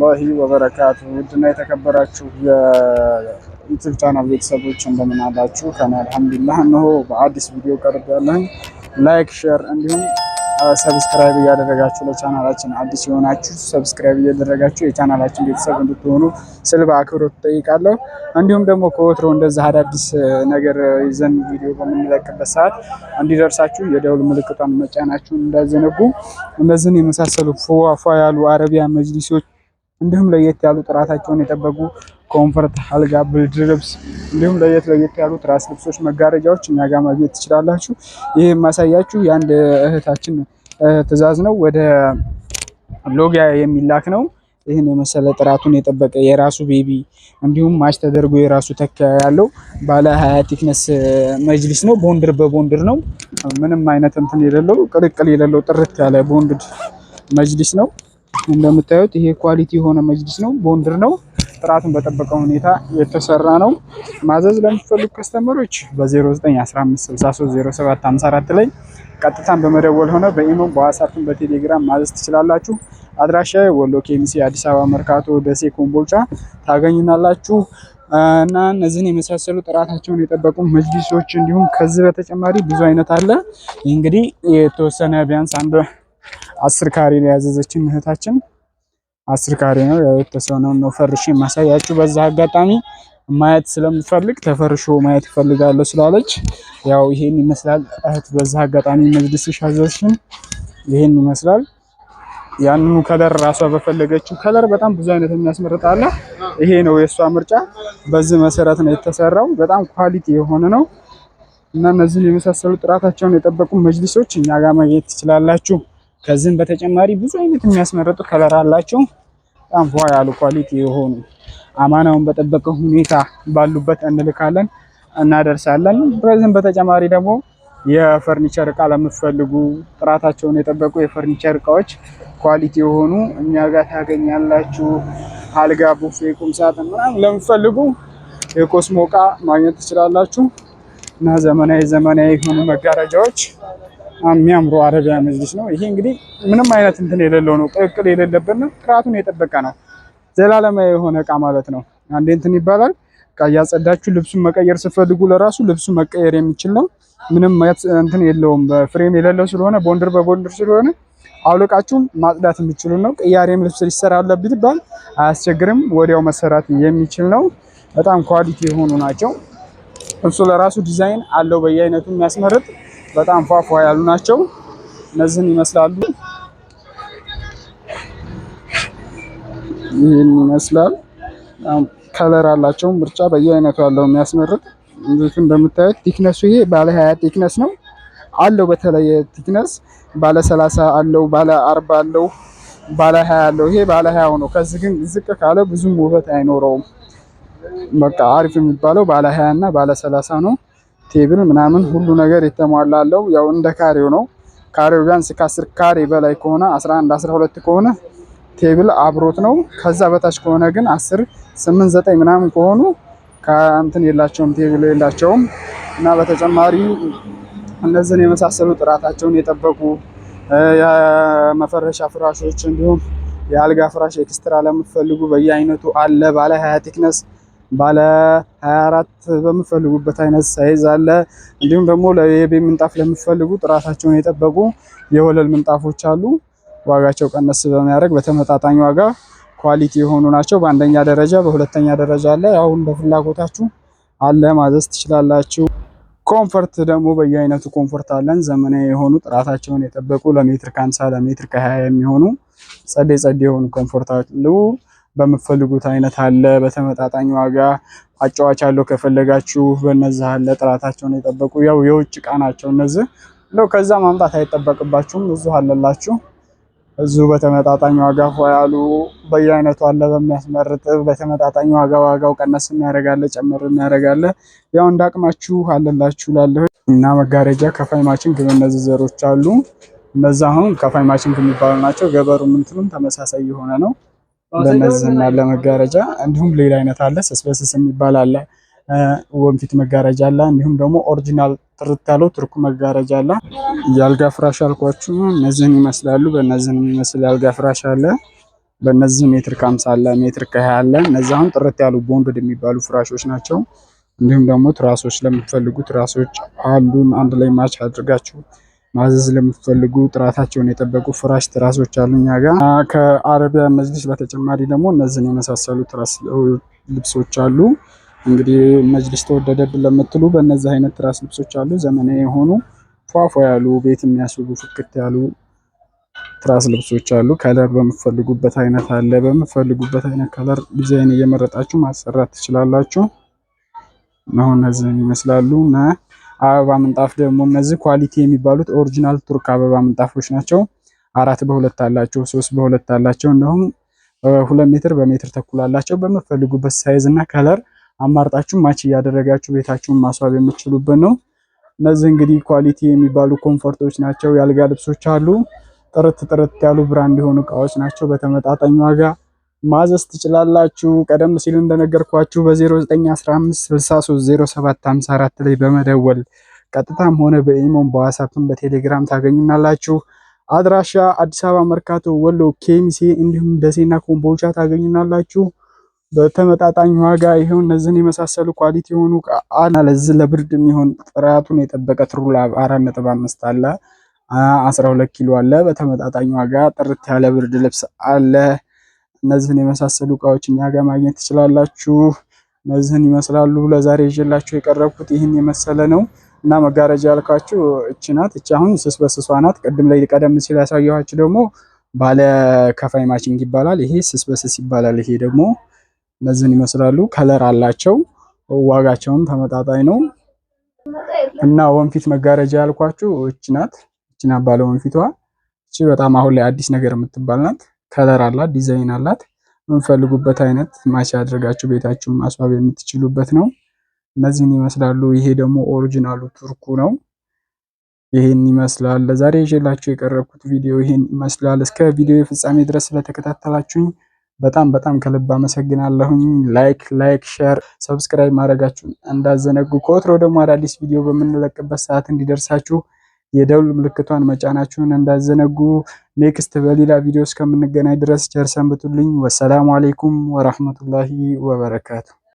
ወራህመቱላሂ ወበረካቱ። ውድና የተከበራችሁ የዩቲዩብ ቻናል ቤተሰቦች እንደምን አላችሁ? ከና አልሐምዱሊላህ። እነሆ በአዲስ ቪዲዮ ቀርብ ያለን ላይክ፣ ሼር እንዲሁም ሰብስክራይብ እያደረጋችሁ ለቻናላችን አዲስ የሆናችሁ ሰብስክራይብ እያደረጋችሁ የቻናላችን ቤተሰብ እንድትሆኑ ስል በአክብሮት ትጠይቃለሁ። እንዲሁም ደግሞ ከወትሮ እንደዚህ አዳዲስ ነገር ይዘን ቪዲዮ በምንለቅበት ሰዓት እንዲደርሳችሁ የደውል ምልክቷን መጫናችሁን እንዳዘነጉ። እነዚህን የመሳሰሉ ፏፏ ያሉ አረቢያ መጅሊሶች እንዲሁም ለየት ያሉ ጥራታቸውን የጠበቁ ኮምፈርት አልጋ፣ ብርድ ልብስ እንዲሁም ለየት ለየት ያሉ ትራስ ልብሶች፣ መጋረጃዎች እኛ ጋር ማግኘት ትችላላችሁ። ይህ የማሳያችሁ የአንድ እህታችን ትዕዛዝ ነው። ወደ ሎጊያ የሚላክ ነው። ይህን የመሰለ ጥራቱን የጠበቀ የራሱ ቤቢ እንዲሁም ማች ተደርጎ የራሱ ተኪያ ያለው ባለ ሀያ ቲክነስ መጅሊስ ነው። ቦንድር በቦንድር ነው። ምንም አይነት እንትን የሌለው ቅልቅል የሌለው ጥርት ያለ ቦንድድ መጅሊስ ነው። እንደምታዩት ይሄ ኳሊቲ የሆነ መጅልስ ነው። ቦንድር ነው። ጥራቱን በጠበቀ ሁኔታ የተሰራ ነው። ማዘዝ ለምትፈልጉ ከስተመሮች በ0915630754 ላይ ቀጥታን በመደወል ሆነ በኢሞ በዋትስአፕን በቴሌግራም ማዘዝ ትችላላችሁ። አድራሻ ወሎ ኬሚሴ፣ አዲስ አበባ መርካቶ፣ ደሴ፣ ኮምቦልቻ ታገኙናላችሁ። እና እነዚህን የመሳሰሉ ጥራታቸውን የጠበቁ መጅሊሶች እንዲሁም ከዚህ በተጨማሪ ብዙ አይነት አለ። እንግዲህ የተወሰነ ቢያንስ አንድ አስር ካሬ ነው ያዘዘችን እህታችን። አስር ካሬ ነው የተሰነው ነው ነው ፈርሽ የማሳያችሁ። በዛ አጋጣሚ ማየት ስለምፈልግ ተፈርሾ ማየት እፈልጋለሁ ስላለች ያው ይሄን ይመስላል እህት። በዛ አጋጣሚ መጅልስሽ ያዘዝሽን ይሄን ይመስላል። ያንኑ ከለር ራሷ በፈለገችው ከለር በጣም ብዙ አይነት የሚያስመርጥ አለ። ይሄ ነው የእሷ ምርጫ። በዚህ መሰረት ነው የተሰራው። በጣም ኳሊቲ የሆነ ነው እና እነዚህን የመሳሰሉ ጥራታቸውን የጠበቁ መጅሊሶች እኛ ጋር ማግኘት ትችላላችሁ። ከዚህም በተጨማሪ ብዙ አይነት የሚያስመረጡ ከለር አላቸው። በጣም ፏ ያሉ ኳሊቲ የሆኑ አማናውን በጠበቀ ሁኔታ ባሉበት እንልካለን እናደርሳለን። ከዚህም በተጨማሪ ደግሞ የፈርኒቸር እቃ ለምትፈልጉ ጥራታቸውን የጠበቁ የፈርኒቸር እቃዎች ኳሊቲ የሆኑ እኛ ጋር ታገኛላችሁ። አልጋ፣ ቡፌ፣ ቁምሳጥን ምናምን ለምትፈልጉ የኮስሞ እቃ ማግኘት ትችላላችሁ እና ዘመናዊ ዘመናዊ የሆኑ መጋረጃዎች የሚያምሩ አረቢያ መጅሊስ ነው። ይሄ እንግዲህ ምንም አይነት እንትን የሌለው ነው፣ ቅቅል የሌለበት ነው። ጥራቱን የጠበቀ ነው። ዘላለማዊ የሆነ እቃ ማለት ነው። አንዴ እንትን ይባላል እቃ እያጸዳችሁ ልብሱን መቀየር ስትፈልጉ ለራሱ ልብሱ መቀየር የሚችል ነው። ምንም እንትን የለውም። ፍሬም የሌለው ስለሆነ ቦንድር በቦንድር ስለሆነ አውልቃችሁም ማጽዳት የሚችሉ ነው። ቅያሬም ልብስ ሊሰራ አለብት ይባል አያስቸግርም። ወዲያው መሰራት የሚችል ነው። በጣም ኳሊቲ የሆኑ ናቸው። እሱ ለራሱ ዲዛይን አለው በየአይነቱ የሚያስመርጥ በጣም ፏፏ ያሉ ናቸው። እነዚህን ይመስላሉ። ይህን ይመስላል። ከለር አላቸው ምርጫ በየአይነቱ ያለው የሚያስመርጥ እንዴት እንደምታዩት ቲክነሱ ይሄ ባለ ሀያ ቲክነስ ነው አለው በተለየ ቲክነስ ባለ ሰላሳ አለው ባለ አርባ አለው ባለ ሀያ አለው ይሄ ባለ ሀያው ነው። ከዚህ ግን ዝቅ ካለ ብዙም ውበት አይኖረውም። በቃ አሪፍ የሚባለው ባለ ሀያ እና ባለ ሰላሳ ነው። ቴብል ምናምን ሁሉ ነገር የተሟላለው ያው እንደ ካሬው ነው። ካሬው ቢያንስ ከአስር ካሬ በላይ ከሆነ 11 12 ከሆነ ቴብል አብሮት ነው። ከዛ በታች ከሆነ ግን 10 8 9 ምናምን ከሆኑ ከእንትን የላቸውም ቴብል የላቸውም። እና በተጨማሪ እነዚህን የመሳሰሉ ጥራታቸውን የጠበቁ የመፈረሻ ፍራሾች እንዲሁም የአልጋ ፍራሽ ኤክስትራ ለምትፈልጉ በየአይነቱ አለ። ባለ ሀያ ቲክነስ ባለ 24 በምፈልጉበት አይነት ሳይዝ አለ። እንዲሁም ደግሞ ለቤቢ ምንጣፍ ለምፈልጉ ጥራታቸውን የጠበቁ የወለል ምንጣፎች አሉ። ዋጋቸው ቀነስ በሚያደርግ በተመጣጣኝ ዋጋ ኳሊቲ የሆኑ ናቸው። በአንደኛ ደረጃ፣ በሁለተኛ ደረጃ አለ። አሁን በፍላጎታችሁ አለ ማዘዝ ትችላላችሁ። ኮምፎርት ደግሞ በየአይነቱ ኮምፎርት አለን። ዘመናዊ የሆኑ ጥራታቸውን የጠበቁ ለሜትር ከ50 ለሜትር ከ20 የሚሆኑ ጸዴ ጸዴ የሆኑ ኮምፎርት አሉ። በምትፈልጉት አይነት አለ። በተመጣጣኝ ዋጋ አጫዋች አለው ከፈለጋችሁ በእነዚህ አለ። ጥራታቸውን የጠበቁ ያው የውጭ እቃ ናቸው እነዚህ። እንደው ከዛ ማምጣት አይጠበቅባችሁም፣ እዚሁ አለላችሁ። እዚሁ በተመጣጣኝ ዋጋ ያሉ በየአይነቱ አለ። በሚያስመርጥ በተመጣጣኝ ዋጋ ዋጋው ቀነስ የሚያደርጋለ፣ ጨምር የሚያደርጋለ፣ ያው እንዳቅማችሁ አለላችሁ ላለሁ እና መጋረጃ ከፋይ ማችንግ በእነዚህ ዘሮች አሉ። እነዛ አሁን ከፋይ ማችንግ የሚባሉ ናቸው። ገበሩ ምንትሉም ተመሳሳይ የሆነ ነው። ለመዝና ለመጋረጃ እንዲሁም ሌላ አይነት አለ። ስስበስስ የሚባል አለ። ወንፊት መጋረጃ አለ። እንዲሁም ደግሞ ኦሪጂናል ጥርት ያለው ቱርክ መጋረጃ አለ። የአልጋ ፍራሽ አልኳችሁ እነዚህን ይመስላሉ። በእነዚህን የሚመስል የአልጋ ፍራሽ አለ። በእነዚህ ሜትር ከአምሳ አለ፣ ሜትር ከሀያ አለ። እነዚህ አሁን ጥርት ያሉ ቦንድድ የሚባሉ ፍራሾች ናቸው። እንዲሁም ደግሞ ትራሶች ለምትፈልጉ ትራሶች አሉን። አንድ ላይ ማች አድርጋችሁ ማዘዝ ለምትፈልጉ ጥራታቸውን የጠበቁ ፍራሽ ትራሶች አሉ እኛ ጋር። ከአረቢያ መጅሊስ በተጨማሪ ደግሞ እነዚህን የመሳሰሉ ትራስ ልብሶች አሉ። እንግዲህ መጅሊስ ተወደደብን ለምትሉ በእነዚህ አይነት ትራስ ልብሶች አሉ። ዘመናዊ የሆኑ ፏፏ ያሉ ቤት የሚያስቡ ፍክት ያሉ ትራስ ልብሶች አሉ። ከለር በምፈልጉበት አይነት አለ። በምፈልጉበት አይነት ከለር ዲዛይን እየመረጣችሁ ማሰራት ትችላላችሁ። አሁን እነዚህን ይመስላሉ እና አበባ ምንጣፍ ደግሞ እነዚህ ኳሊቲ የሚባሉት ኦሪጂናል ቱርክ አበባ ምንጣፎች ናቸው። አራት በሁለት አላቸው፣ ሶስት በሁለት አላቸው፣ እንዲሁም ሁለት ሜትር በሜትር ተኩል አላቸው። በምትፈልጉበት ሳይዝ እና ከለር አማርጣችሁ ማች እያደረጋችሁ ቤታችሁን ማስዋብ የምችሉበት ነው። እነዚህ እንግዲህ ኳሊቲ የሚባሉ ኮምፎርቶች ናቸው። የአልጋ ልብሶች አሉ። ጥርት ጥርት ያሉ ብራንድ የሆኑ እቃዎች ናቸው በተመጣጣኝ ዋጋ ማዘዝ ትችላላችሁ። ቀደም ሲል እንደነገርኳችሁ በ0915630754 ላይ በመደወል ቀጥታም ሆነ በኢሞን በዋሳፕም በቴሌግራም ታገኙናላችሁ። አድራሻ አዲስ አበባ መርካቶ፣ ወሎ፣ ኬሚሴ እንዲሁም ደሴና ኮምቦልቻ ታገኙናላችሁ። በተመጣጣኝ ዋጋ ይሄው እነዚህን የመሳሰሉ ኳሊቲ የሆኑ አለ። ለዚህ ለብርድ የሚሆን ጥራቱን የጠበቀ ትሩላ አምስት አለ፣ 12 ኪሎ አለ። በተመጣጣኝ ዋጋ ጥርት ያለ ብርድ ልብስ አለ። እነዚህን የመሳሰሉ እቃዎች እኛ ጋር ማግኘት ትችላላችሁ። እነዚህን ይመስላሉ። ለዛሬ ይዤላችሁ የቀረብኩት ይህን የመሰለ ነው እና መጋረጃ ያልኳችሁ እች ናት። እች አሁን ስስ በስሷ ናት። ቅድም ላይ ቀደም ሲል ያሳየኋችሁ ደግሞ ባለ ከፋይ ማችንግ ይባላል። ይሄ ስስ በስስ ይባላል። ይሄ ደግሞ እነዚህን ይመስላሉ። ከለር አላቸው። ዋጋቸውም ተመጣጣኝ ነው እና ወንፊት መጋረጃ ያልኳችሁ እች ናት። እች ናት ባለ ወንፊቷ። እቺ በጣም አሁን ላይ አዲስ ነገር የምትባል ናት። ከለር አላት፣ ዲዛይን አላት። የምንፈልጉበት አይነት ማች አድርጋችሁ ቤታችሁን ማስዋብ የምትችሉበት ነው። እነዚህን ይመስላሉ። ይሄ ደግሞ ኦሪጂናሉ ቱርኩ ነው። ይህን ይመስላል። ለዛሬ ይዤላችሁ የቀረብኩት ቪዲዮ ይህን ይመስላል። እስከ ቪዲዮ የፍጻሜ ድረስ ስለተከታተላችሁኝ በጣም በጣም ከልብ አመሰግናለሁኝ። ላይክ ላይክ ሼር፣ ሰብስክራይብ ማድረጋችሁን እንዳዘነጉ። ከወትሮ ደግሞ አዳዲስ ቪዲዮ በምንለቅበት ሰዓት እንዲደርሳችሁ የደውል ምልክቷን መጫናችሁን እንዳዘነጉ። ኔክስት በሌላ ቪዲዮ እስከምንገናኝ ድረስ ቸር ሰንብቱልኝ። ወሰላሙ አሌይኩም ወራህመቱላሂ ወበረካቱ።